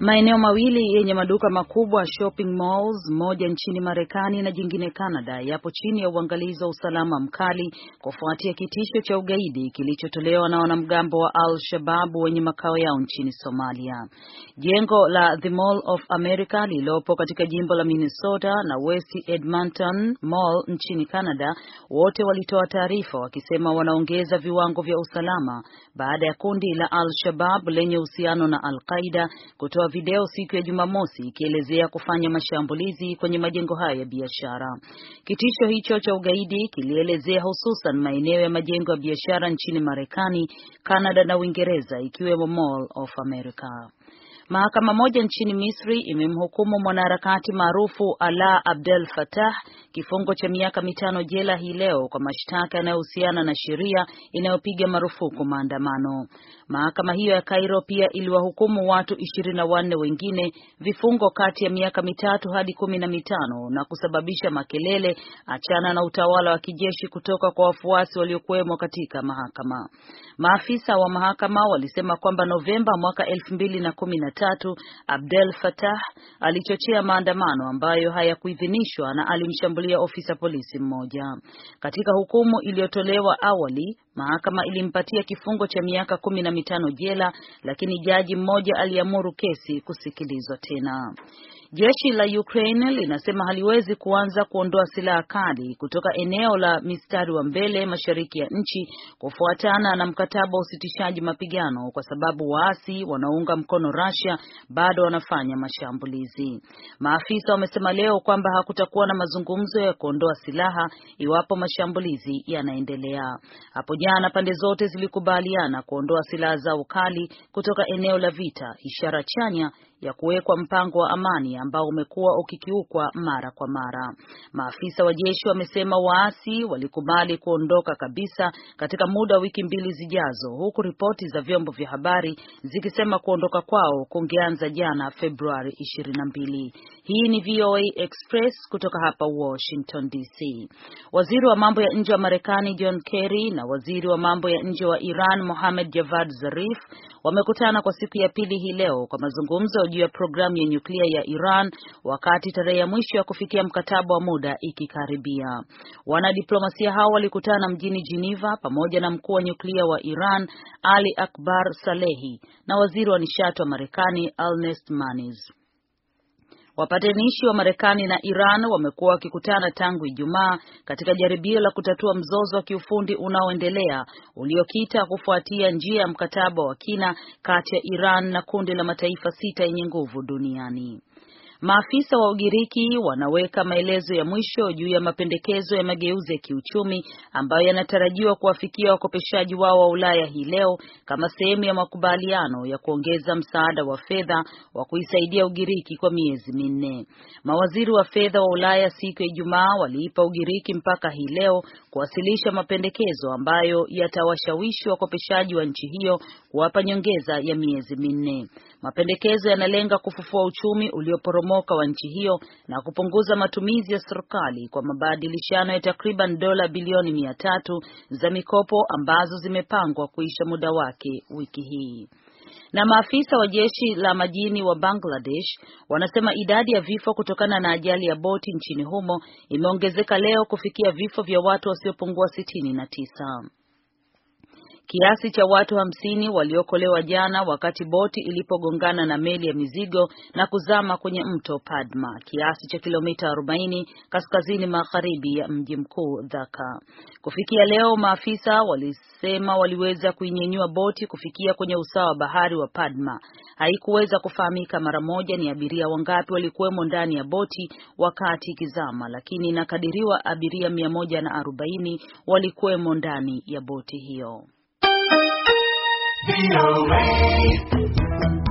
Maeneo mawili yenye maduka makubwa shopping malls, moja nchini Marekani na jingine Canada, yapo chini ya uangalizi wa usalama mkali kufuatia kitisho cha ugaidi kilichotolewa na wanamgambo wa Al-Shabaab wenye makao yao nchini Somalia. Jengo la The Mall of America lililopo katika jimbo la Minnesota na West Edmonton Mall nchini Canada, wote walitoa taarifa wakisema wanaongeza viwango vya usalama baada ya kundi la Al-Shabaab lenye uhusiano na Al-Qaida kutoa video siku ya Jumamosi ikielezea kufanya mashambulizi kwenye majengo hayo ya biashara. Kitisho hicho cha ugaidi kilielezea hususan maeneo ya majengo ya biashara nchini Marekani, Kanada na Uingereza ikiwemo Mall of America. Mahakama moja nchini Misri imemhukumu mwanaharakati maarufu ala Abdel Fattah kifungo cha miaka mitano jela hii leo kwa mashtaka yanayohusiana na sheria inayopiga marufuku maandamano. Mahakama hiyo ya Cairo pia iliwahukumu watu ishirini na wanne wengine vifungo kati ya miaka mitatu hadi kumi na mitano na kusababisha makelele, achana na utawala wa kijeshi kutoka kwa wafuasi waliokuwemo katika mahakama. Maafisa wa mahakama walisema kwamba Novemba mwaka elfu mbili na kumi na Jumatatu, Abdel Fattah alichochea maandamano ambayo hayakuidhinishwa na alimshambulia ofisa polisi mmoja. Katika hukumu iliyotolewa awali, mahakama ilimpatia kifungo cha miaka kumi na mitano jela, lakini jaji mmoja aliamuru kesi kusikilizwa tena. Jeshi la Ukraine linasema haliwezi kuanza kuondoa silaha kali kutoka eneo la mistari wa mbele mashariki ya nchi kufuatana na mkataba wa usitishaji mapigano kwa sababu waasi wanaounga mkono Russia bado wanafanya mashambulizi. Maafisa wamesema leo kwamba hakutakuwa na mazungumzo ya kuondoa silaha iwapo mashambulizi yanaendelea. Hapo jana pande zote zilikubaliana kuondoa silaha zao kali kutoka eneo la vita, ishara chanya ya kuwekwa mpango wa amani ambao umekuwa ukikiukwa mara kwa mara. Maafisa wa jeshi wamesema waasi walikubali kuondoka kabisa katika muda wa wiki mbili zijazo, huku ripoti za vyombo vya habari zikisema kuondoka kwao kungeanza jana Februari 22. Hii ni VOA Express kutoka hapa Washington DC. Waziri wa mambo ya nje wa Marekani John Kerry na waziri wa mambo ya nje wa Iran Mohamed Javad Zarif wamekutana kwa siku ya pili hii leo kwa mazungumzo juu ya programu ya nyuklia ya Iran wakati tarehe ya mwisho ya kufikia mkataba wa muda ikikaribia. Wanadiplomasia hao walikutana mjini Geneva pamoja na mkuu wa nyuklia wa Iran Ali Akbar Salehi na waziri wa nishati wa Marekani Alnest Maniz. Wapatanishi wa Marekani na Iran wamekuwa wakikutana tangu Ijumaa katika jaribio la kutatua mzozo wa kiufundi unaoendelea uliokita kufuatia njia ya mkataba wa kina kati ya Iran na kundi la mataifa sita yenye nguvu duniani. Maafisa wa Ugiriki wanaweka maelezo ya mwisho juu ya mapendekezo ya mageuzi ya kiuchumi ambayo yanatarajiwa kuwafikia wakopeshaji wao wa Ulaya hii leo kama sehemu ya makubaliano ya kuongeza msaada wa fedha wa kuisaidia Ugiriki kwa miezi minne. Mawaziri wa fedha wa Ulaya siku ya Ijumaa waliipa Ugiriki mpaka hii leo kuwasilisha mapendekezo ambayo yatawashawishi wakopeshaji wa nchi hiyo kuwapa nyongeza ya miezi minne. Mapendekezo yanalenga kufufua uchumi ulioporomoka kuporomoka wa nchi hiyo na kupunguza matumizi ya serikali kwa mabadilishano ya takriban dola bilioni mia tatu za mikopo ambazo zimepangwa kuisha muda wake wiki hii. Na maafisa wa jeshi la majini wa Bangladesh wanasema idadi ya vifo kutokana na ajali ya boti nchini humo imeongezeka leo kufikia vifo vya watu wasiopungua sitini na tisa. Kiasi cha watu hamsini waliokolewa jana wakati boti ilipogongana na meli ya mizigo na kuzama kwenye mto Padma, kiasi cha kilomita 40 kaskazini magharibi ya mji mkuu Dhaka. Kufikia leo, maafisa walisema waliweza kuinyenyua boti kufikia kwenye usawa wa bahari wa Padma. Haikuweza kufahamika mara moja ni abiria wangapi walikuwemo ndani ya boti wakati ikizama, lakini inakadiriwa abiria 140 walikuwemo ndani ya boti hiyo. VOA.